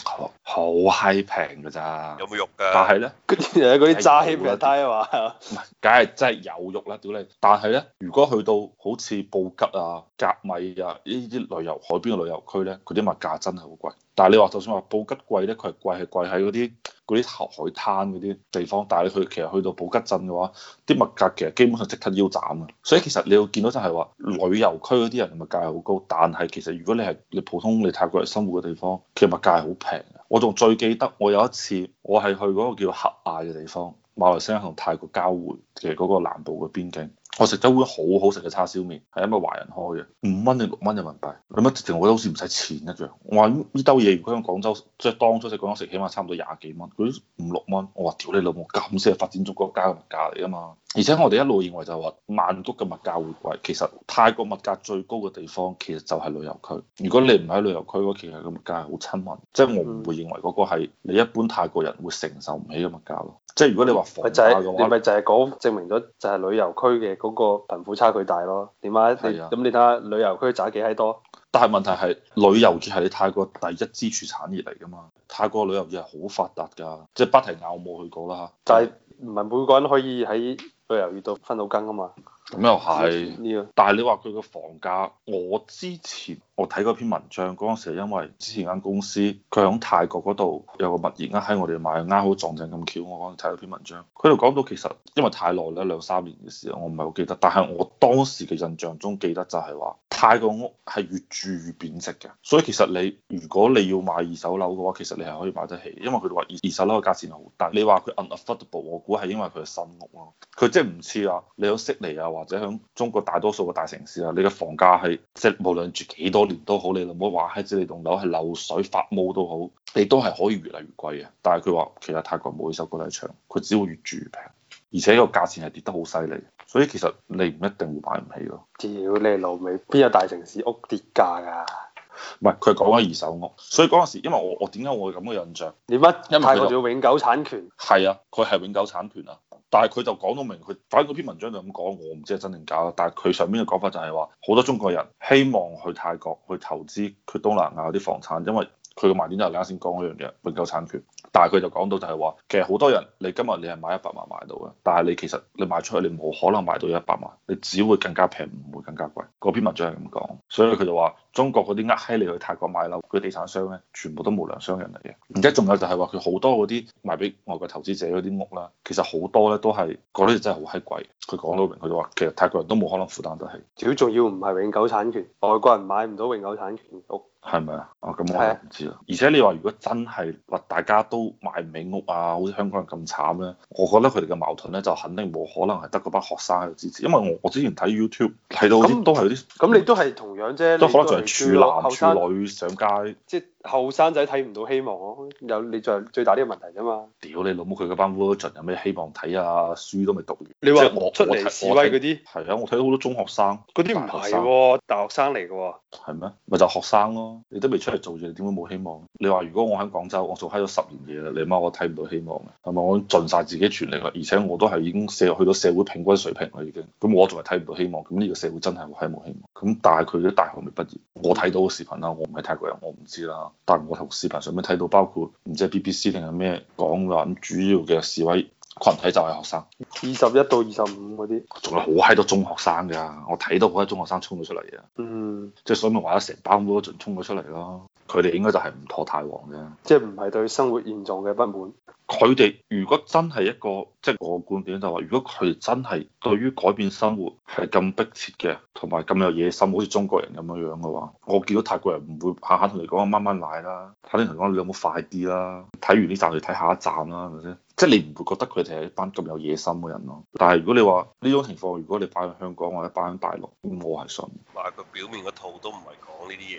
好閪平㗎咋。 有冇肉㗎？但係咧，嗰啲人炸起扒胎啊嘛。唔係，梗係真係有肉啦，屌你！但係咧，如果去到好似布吉啊、甲米啊呢啲旅遊海邊嘅旅遊區咧，佢啲物價真係好貴。但係你話就算話布吉貴咧，佢係貴係貴喺嗰啲。嗰啲海灘嗰啲地方，但係你去其實去到保吉鎮嘅話，啲物價其實基本上即刻腰斬啊！所以其實你要見到就係話旅遊區嗰啲人物價係好高，但係其實如果你係你普通你泰國人生活嘅地方，其實物價係好平嘅。我仲最記得我有一次，我係去嗰個叫合艾嘅地方，馬來西亞同泰國交換嘅嗰個南部嘅邊境。我食咗碗好好食嘅叉燒麵，係因為華人開嘅，五蚊定六蚊人民幣，諗乜直情我覺得好似唔使錢一樣。我話呢兜嘢如果喺廣州，即係當初食廣州食，起碼差唔多廿幾蚊，佢五六蚊，我話屌你老母咁先係發展中國家嘅物價嚟啊嘛！而且我哋一路認為就係話曼谷嘅物價會貴，其實泰國物價最高嘅地方其實就係旅遊區。如果你唔喺旅遊區嗰，其實嘅物價係好親民，即係我唔會認為嗰個係你一般泰國人會承受唔起嘅物價咯。即係如果你話房價嘅話，咪就係講證明咗就係旅遊區嘅。嗰個貧富差距大咯，點解？咁、啊、你睇下旅遊區賺幾閪多？但係問題係，旅遊業係你泰國第一支柱產業嚟噶嘛？泰國旅遊業係好發達噶，即、就、係、是、芭提雅冇去過啦吓，的但係唔係每個人可以喺。佢又遇到分到羹啊嘛、嗯，咁又係，但係你話佢個房價。我之前我睇嗰篇文章，嗰陣時係因為之前間公司佢喺泰國嗰度有個物業，啱喺我哋買，啱好撞正咁巧，我嗰陣睇咗篇文章，佢就講到其實因為太耐咧，兩三年嘅時候，我唔係好記得，但係我當時嘅印象中記得就係話。泰國屋係越住越貶值嘅，所以其實你如果你要買二手樓嘅話，其實你係可以買得起，因為佢話二二手樓嘅價錢好低。但你話佢 unaffordable，我估係因為佢係新屋咯，佢即係唔似啊，你響悉尼啊或者響中國大多數嘅大城市啊，你嘅房價係即係無論住幾多年都好，你冇得話，即使你棟樓係漏水發毛都好，你都係可以越嚟越貴嘅。但係佢話其實泰國冇一首歌都係唱，佢只會越住越平。而且個價錢係跌得好犀利，所以其實你唔一定會買唔起咯。屌，你老味邊有大城市屋跌價㗎？唔係，佢講緊二手屋，所以嗰陣時，因為我我點解我會咁嘅印象？你乜？因為佢叫永久產權。係啊，佢係永久產權啊，但係佢就講到明佢，反正嗰篇文章就咁講，我唔知係真定假咯。但係佢上面嘅講法就係、是、話，好多中國人希望去泰國去投資佢東南亞啲房產，因為。佢個賣點就係你啱先講嗰樣嘢，永久產權，但係佢就講到就係話，其實好多人你今日你係買一百萬買到嘅，但係你其實你賣出去你冇可能賣到一百萬，你只會更加平，唔會更加貴。嗰篇文章係咁講，所以佢就話。中國嗰啲呃閪你去泰國買樓，佢地產商咧，全部都無良商人嚟嘅。而且仲有就係話佢好多嗰啲賣俾外國投資者嗰啲屋啦，其實好多咧都係嗰啲真係好閪貴。佢講到明，佢就話其實泰國人都冇可能負擔得起。主要仲要唔係永久產權，外國人買唔到永久產權屋。係咪吧啊？啊咁我唔知啦。的而且你話如果真係話大家都買唔起屋啊，好似香港人咁慘咧，我覺得佢哋嘅矛盾咧就肯定冇可能係得嗰班學生去支持，因為我我之前睇 YouTube 睇到啲那都係嗰啲。咁你都係同樣啫。你 都可能處男處女上街。後生仔睇唔到希望咯，有你就最大呢個問題啫嘛。屌你老母，佢嗰班 student 有咩希望睇啊？書都未讀完，你話我出嚟示威嗰啲。係啊，我睇到好多中學生。嗰啲唔係喎，大學生嚟嘅喎。係咩？咪就學生咯，你都未出嚟做嘢，點會冇希望？你話如果我喺廣州，我做閪咗十年嘢啦，你媽我睇唔到希望嘅，係咪？我盡晒自己全力啦，而且我都係已經社去到社會平均水平啦，已經。咁我仲係睇唔到希望，咁呢個社會真係係冇希望。咁但係佢啲大學未畢業，我睇到嘅視頻啦，我唔係泰國人，我唔知啦。但我同視頻上面睇到，包括唔知係 BBC 定係咩講啦，主要嘅示威群體就係學生，二十一到二十五嗰啲，仲有好閪多中學生㗎，我睇到好多中學生衝咗出嚟啊，嗯，即係所以咪話咗成班都盡衝咗出嚟咯，佢哋應該就係唔妥泰王啫，嗯，即係唔係對生活現狀嘅不滿。佢哋如果真係一個，即係我觀點就話，如果佢哋真係對於改變生活係咁迫切嘅，同埋咁有野心，好似中國人咁樣樣嘅話，我見到泰國人唔會下下同你講慢慢嚟啦，下下同你講你有冇快啲啦，睇完呢站就睇下一站啦，係咪先？即係你唔會覺得佢哋係一班咁有野心嘅人咯。但係如果你話呢種情況，如果你擺喺香港或者擺喺大陸，我係信。但佢表面嗰套都唔係講呢啲嘢，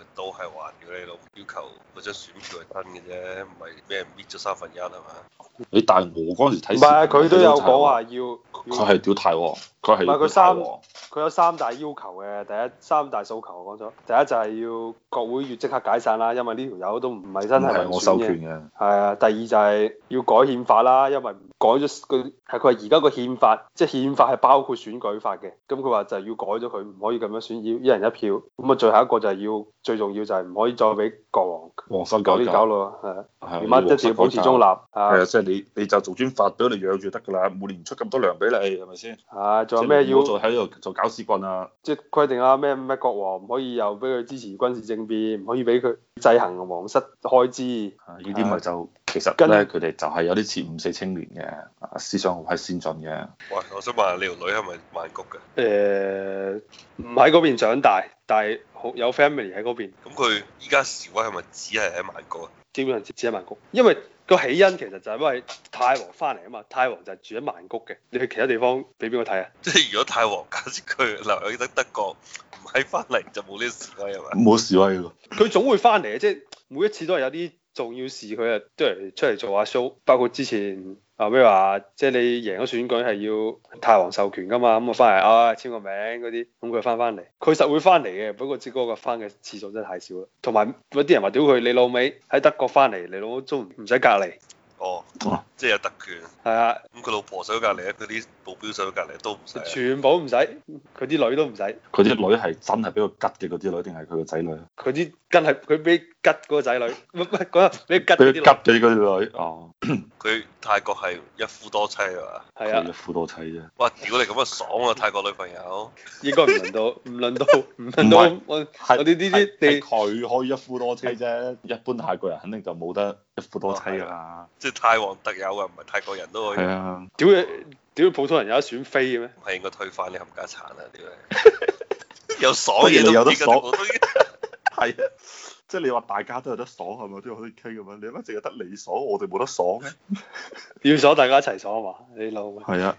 佢都係話屌你老，要求或者選票係真嘅啫，唔係咩搣咗三分一係嘛？你但係我嗰陣時睇，唔係佢都有講話要，佢係表態喎。佢係佢三佢有三大要求嘅，第一三大訴求講咗，第一就係要國會要即刻解散啦，因為呢條友都唔係真係我授權嘅。係啊，第二就係要改憲法啦，因為改咗佢係佢話而家個憲法即係憲法係包括選舉法嘅，咁佢話就係要改咗佢，唔可以咁樣選，要一人一票。咁啊，最後一個就係要最重要就係唔可以再俾國王王室搞呢搞咯，係啊，而、啊、家即係保持中立，係啊，即係、啊啊、你你就做專法俾我哋養住得㗎啦，每年出咁多糧俾你係咪先？係仲有咩要做喺度做搞屎棍啊！即係規定啊咩咩國王唔可以又俾佢支持軍事政變，唔可以俾佢制衡皇室開支。啊，依啲咪就，就其實咧，佢哋著就係有啲似五四青年嘅思想好係先進嘅。喂，我想問下你條女係咪曼谷嘅？誒、呃，唔喺嗰邊長大，但係好有 family 喺嗰邊。咁佢依家示威係咪只係喺曼谷啊？基本上只係曼谷，因為。個起因其實就係因為泰皇翻嚟啊嘛，泰皇就係住喺曼谷嘅，你去其他地方俾邊個睇啊？即係如果泰皇假設佢留喺德德國唔喺翻嚟就冇呢個示威係咪？冇示威喎，佢總會翻嚟嘅，即係每一次都係有啲。重要事佢啊，出嚟出嚟做下 show，包括之前啊，比如話即係你贏咗選舉係要泰王授權噶嘛，咁我翻嚟啊簽個名嗰啲，咁佢翻翻嚟，佢實會翻嚟嘅，不過嗰個翻嘅次數真係太少啦，同埋有啲人話屌佢，你老味喺德國翻嚟，你老都唔使隔離。哦，即係有特權。係啊，咁佢老婆上咗隔離，佢啲保鏢上咗隔離都唔使。全部唔使，佢啲女都唔使。佢啲女係真係俾佢吉嘅嗰啲女，定係佢個仔女？佢啲吉係佢俾吉嗰個仔女，唔係嗰日俾吉。佢吉嘅啲女。哦，佢泰國係一夫多妻啊？係啊，一夫多妻啫。哇！屌你咁樣爽啊！泰國女朋友應該唔輪到，唔輪到，唔輪到我哋呢啲地佢可以一夫多妻啫，一般泰國人肯定就冇得多妻噶啦、啊哦，即係泰王特有啊，唔係泰國人都可以。係啊，屌嘢、啊，屌普通人有得選妃嘅咩？係應該推翻你冚家鏟啊！屌你， 有爽嘢就有得爽。係 啊，即係你話大家都有得爽係咪？都有可以傾咁咩？你點解淨係得你爽，我哋冇得爽咩？ 要爽大家一齊爽啊嘛！你老係 啊。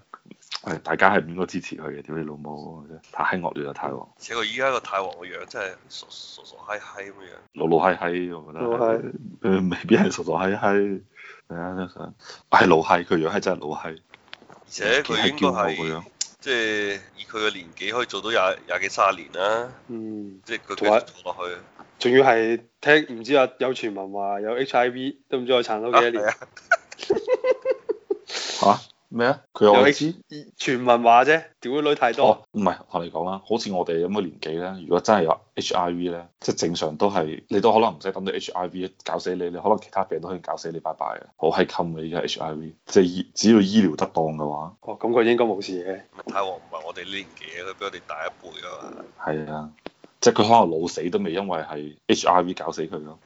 係大家係唔應該支持佢嘅，屌你老母，太閪惡劣又泰皇。而且依家個泰皇個樣真係傻傻閪閪咁樣，老老閪閪，我覺得。老未必係傻傻閪閪，係啊都想，係老閪佢個樣係真係老閪。而且佢應該係，即係以佢個年紀可以做到廿廿幾卅年啦、啊。嗯。即係佢繼續做落去。仲要係聽唔知，傳聞 IV，知啊？有傳聞話有 H I V，都唔知佢撐到幾多年。吓？咩啊？佢又開始，傳聞話啫。屌嘅女太多。唔係同你講啦，好似我哋咁嘅年紀咧，如果真係有 H I V 咧，即係正常都係你都可能唔使等到 H I V 搞死你，你可能其他病都可以搞死你拜拜嘅。好係冚你嘅 H I V，即、就、係、是、只要醫療得當嘅話。哇、哦！咁佢應該冇事嘅。泰王唔係我哋呢年紀，都比我哋大一輩啊嘛。係啊，即係佢可能老死都未，因為係 H I V 搞死佢咯。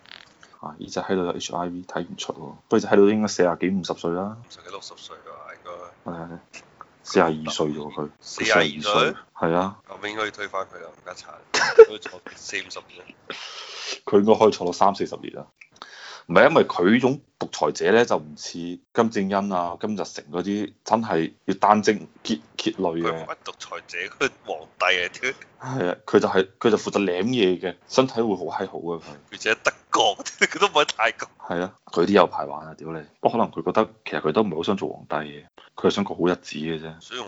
啊！而家喺度有 H I V 睇唔出喎，不過就喺度應該四啊幾五十歲啦。五十幾六十歲㗎。係四廿二歲咗佢，四廿二歲係啊，後邊可以推翻佢啊，唔得炒，可以坐四五十年，佢應該可以坐到三四十年啊。唔係，因為佢呢種獨裁者咧就唔似金正恩啊、金日成嗰啲，真係要擔正結結累嘅。佢唔係獨裁者，佢皇帝啊，屌。係啊，佢就係、係、佢就負責舐嘢嘅，身體會好閪好啊。佢而且德國佢都唔係泰國。係啊，佢啲有排玩啊，屌你！不可能佢覺得其實佢都唔係好想做皇帝嘅，佢係想過好日子嘅啫。所以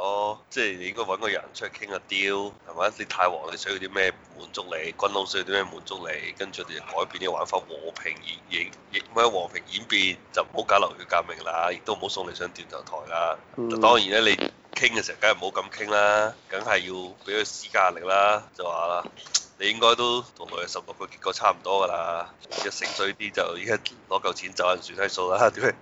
哦，oh, 即係你應該揾個人出去傾下 deal，係咪？泰王，你需要啲咩滿足你，軍佬需要啲咩滿足你，跟住你改變啲玩法和平演演亦咩和平演變，就唔好搞流血革命啦，亦都唔好送你上斷頭台啦、mm hmm.。當然咧，你傾嘅時候梗係唔好咁傾啦，梗係要俾佢施加壓力啦。就話啦，你應該都同佢十六個結果差唔多噶啦，要成熟啲就依家攞夠錢走人算低數啦，點？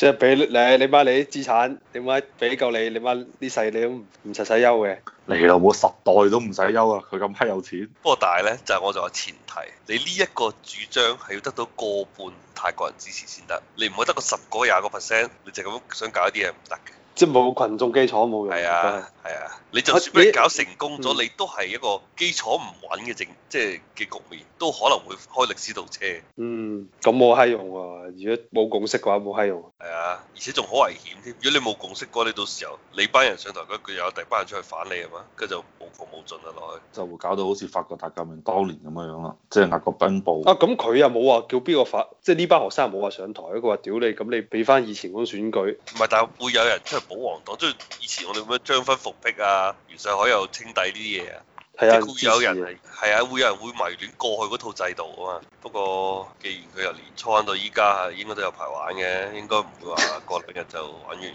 即係俾你你媽你啲資產，你媽俾夠你？你媽啲世你，你，你都唔使使憂嘅。你老母十代都唔使憂啊！佢咁閪有錢。不過但咧就係、是、我就有前提，你呢一個主張係要得到過半泰國人支持先得。你唔好得個十個廿個 percent，你淨咁想搞一啲嘢唔得嘅。即冇群眾基礎，冇用，係啊係是啊！你就算俾你搞成功咗，啊、你都係一個基礎唔穩嘅政，嗯、即嘅局面都可能會開歷史倒車。嗯，咁冇閪用啊，如果冇共識嘅話，冇閪用、啊。係啊，而且仲好危險添！如果你冇共識嘅話，你到時候你班人上台，佢又有第二班人出去反你啊嘛，跟住就冇窮冇盡啊落去。就會搞到好似法國大革命當年咁嘅樣咯，即雅各賓暴。啊，咁佢又冇話叫邊個反，即呢班學生冇話上台，佢話屌你，咁你俾翻以前嗰種選舉。唔係，但會有人出。保皇黨即係以前我哋咁樣張勳復辟啊，袁世凱又稱帝呢啲嘢啊，即係有人係啊，會有人、啊啊、會有人迷戀過去嗰套制度啊嘛。不過既然佢由年初玩到依家，應該都有排玩嘅，應該唔會話過兩日就玩完。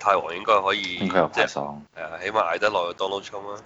泰皇應該可以，佢係、嗯、啊，起碼捱得耐嘅 d o w